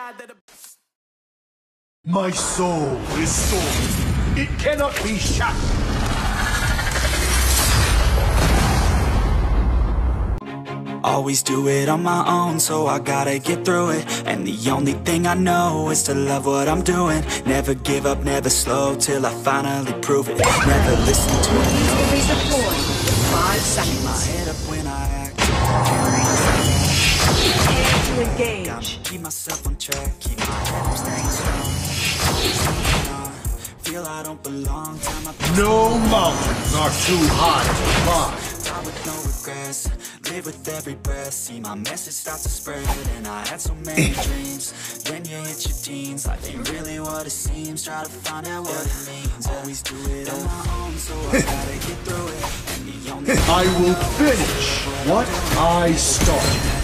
god that My soul is stored. It cannot be shut. Always do it on my own, so I gotta get through it And the only thing I know is to love what I'm doing Never give up, never slow, till I finally prove it Never listen to Please it Please deploy in five seconds to engage. Gotta keep myself on track, keep my head up, staying strong. Uh, feel I don't belong. No mountains are too high to climb. Die with no regrets, live with every breath. See my message start to spread, and I had so many dreams. When you hit your teens, life ain't really what it seems. Try to find out what it means. Always do it on my own, so I gotta get through it. I will finish what I started.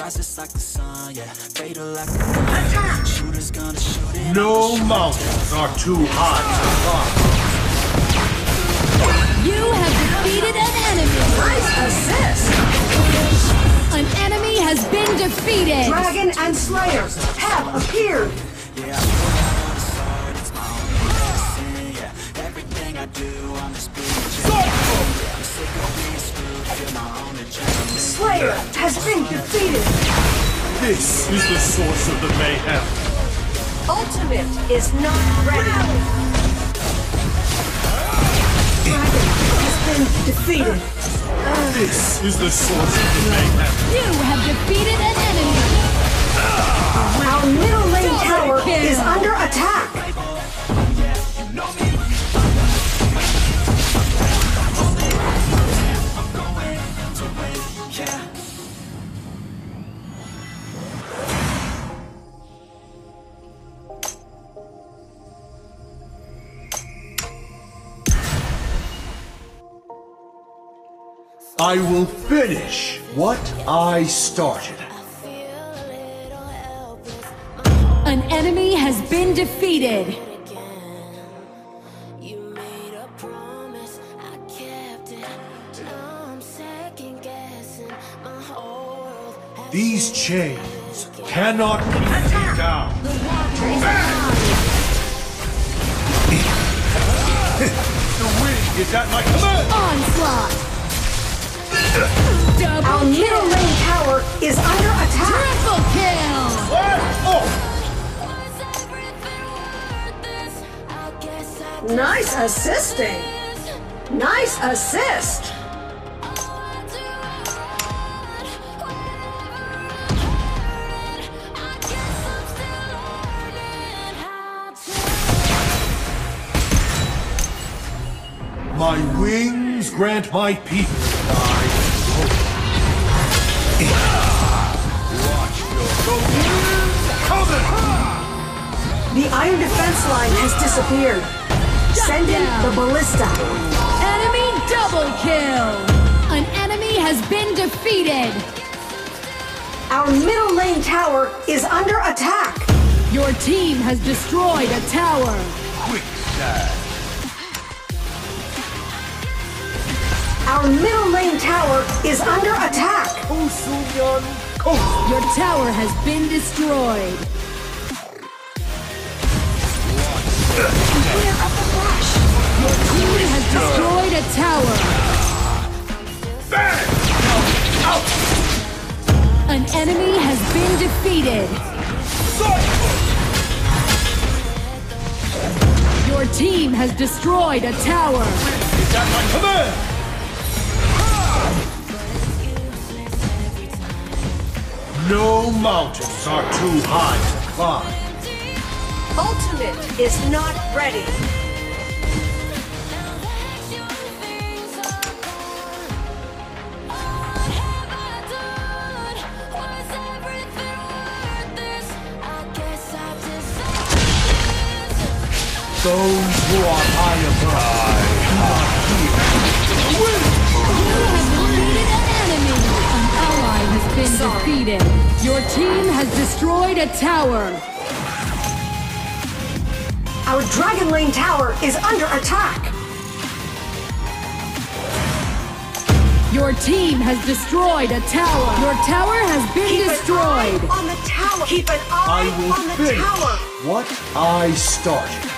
rises like the sun, yeah, fatal like the Shooters gonna shoot it. No mountains are too high to climb. You have defeated an enemy. Nice assist. An enemy has been defeated. Dragon and slayers have appeared. Yeah. do, yeah, I'm sick of being screwed Slayer has been defeated! This is the source of the mayhem! Ultimate is not ready! Dragon has been defeated! This is the source of the mayhem! You have defeated an enemy! Our middle lane tower is under attack! I will finish what I started. An enemy has been defeated. These chains cannot keep me down. The wind is at my command. Onslaught. Our middle lane tower is under attack. Triple kill! Nice assisting. Nice assist. My wings grant my people The iron defense line has disappeared. Send in the ballista. Enemy double kill! An enemy has been defeated! Our middle lane tower is under attack! Your team has destroyed a tower! Quick shot! Our middle lane tower is under attack! Oh, Soon your tower has been destroyed. Beware of the flash. Your team has destroyed a tower. Bang! Out! An enemy has been defeated. Your team has destroyed a tower. It's at my command! No mountains are too high to climb. Ultimate is not ready. Those who are high above, high, high. been Sorry. defeated. Your team has destroyed a tower. Our Dragon Lane tower is under attack. Your team has destroyed a tower. Your tower has been Keep destroyed. on the tower. Keep an eye I will on the finish tower. What I started.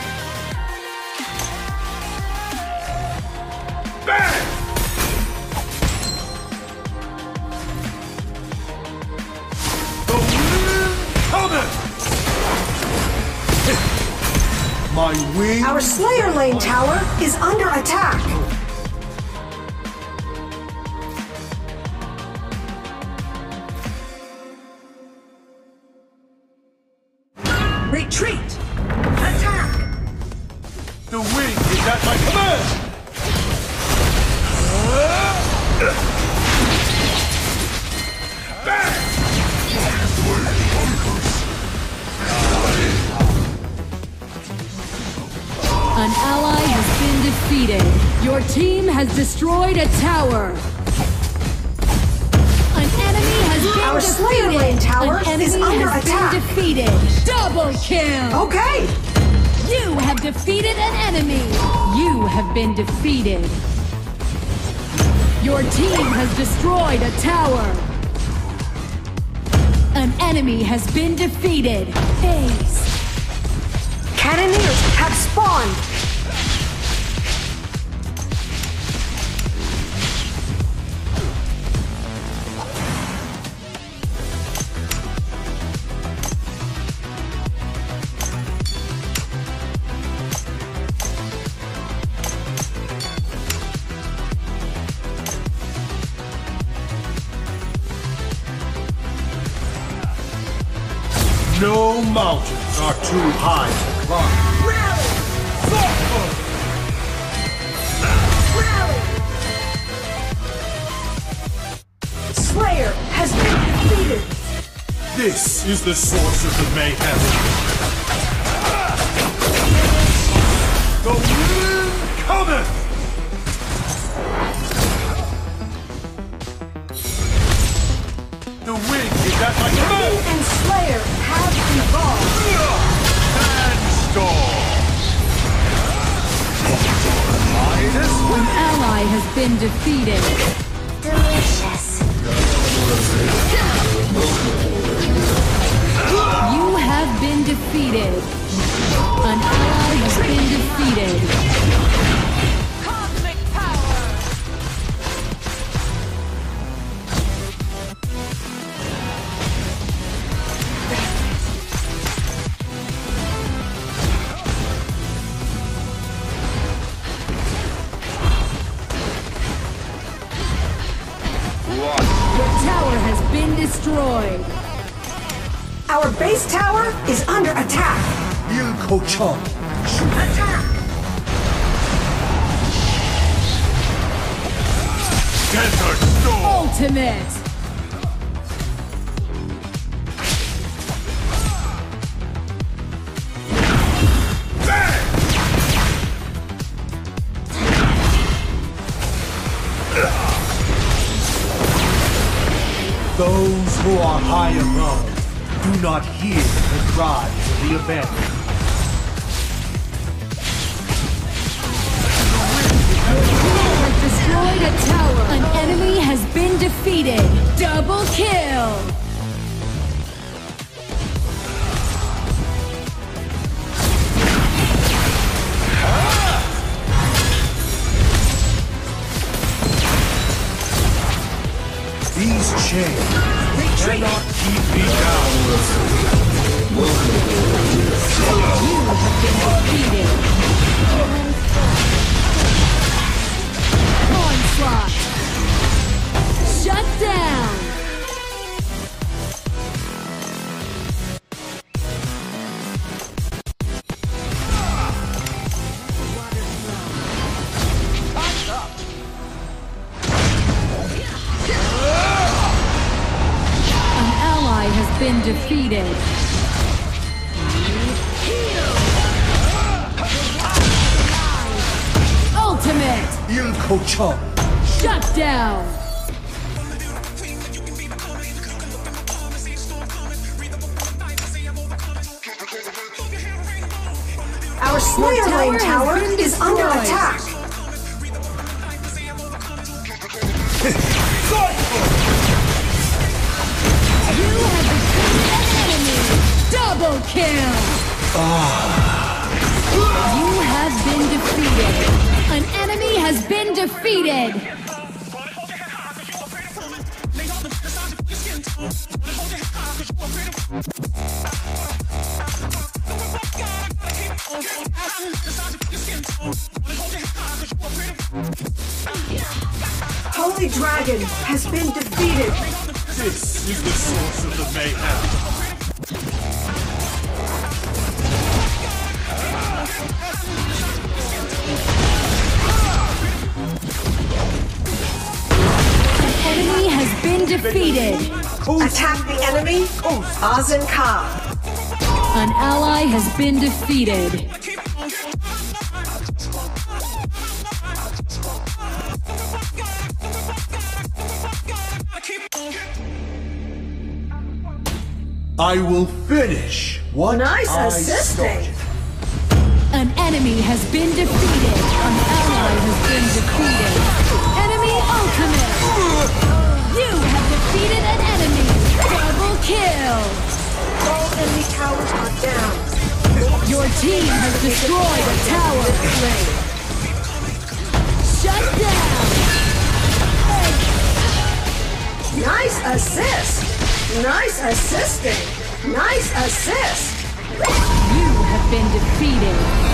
Bang! My wing. Our Slayer Lane tower is under attack. Retreat! Attack! The wing is at my command! ally has been defeated. Your team has destroyed a tower. An enemy has been Our defeated. Lane tower An enemy is under has attack. been defeated. Double kill. Okay. You have defeated an enemy. You have been defeated. Your team has destroyed a tower. An enemy has been defeated. Cannoneers have spawned. mountains are too high to climb. Rally! Forward! Rally! Slayer has been defeated! This is the source of the mayhem. The that I can move! and Slayer have evolved. And storm. An ally has been defeated. Delicious. You have been defeated. An ally has been defeated. Those who are high above do not hear the cries of the abandoned. The wind is destroyed a tower. An enemy has been defeated. Double kill. These chains Retreat. cannot keep me down. You have been defeated. Onslaught! Shut down! An ally has been defeated. Ultimate! Yun Ko Shut down! Our Slayer Lane tower, tower is under attack! you have become an enemy! Double kill! Ah. You have been defeated! An enemy has been defeated! mighty dragon has been defeated. This is the source of the mayhem. The enemy has been defeated. Attack the enemy, Azen An ally has been defeated. I will finish what nice I assisting. started. An enemy has been defeated. An ally has been defeated. Enemy ultimate. You have defeated an enemy. Double kill. All enemy towers are down. Your team has destroyed a tower. Shut down. Nice assist. Nice assisting! Nice assist! You have been defeated!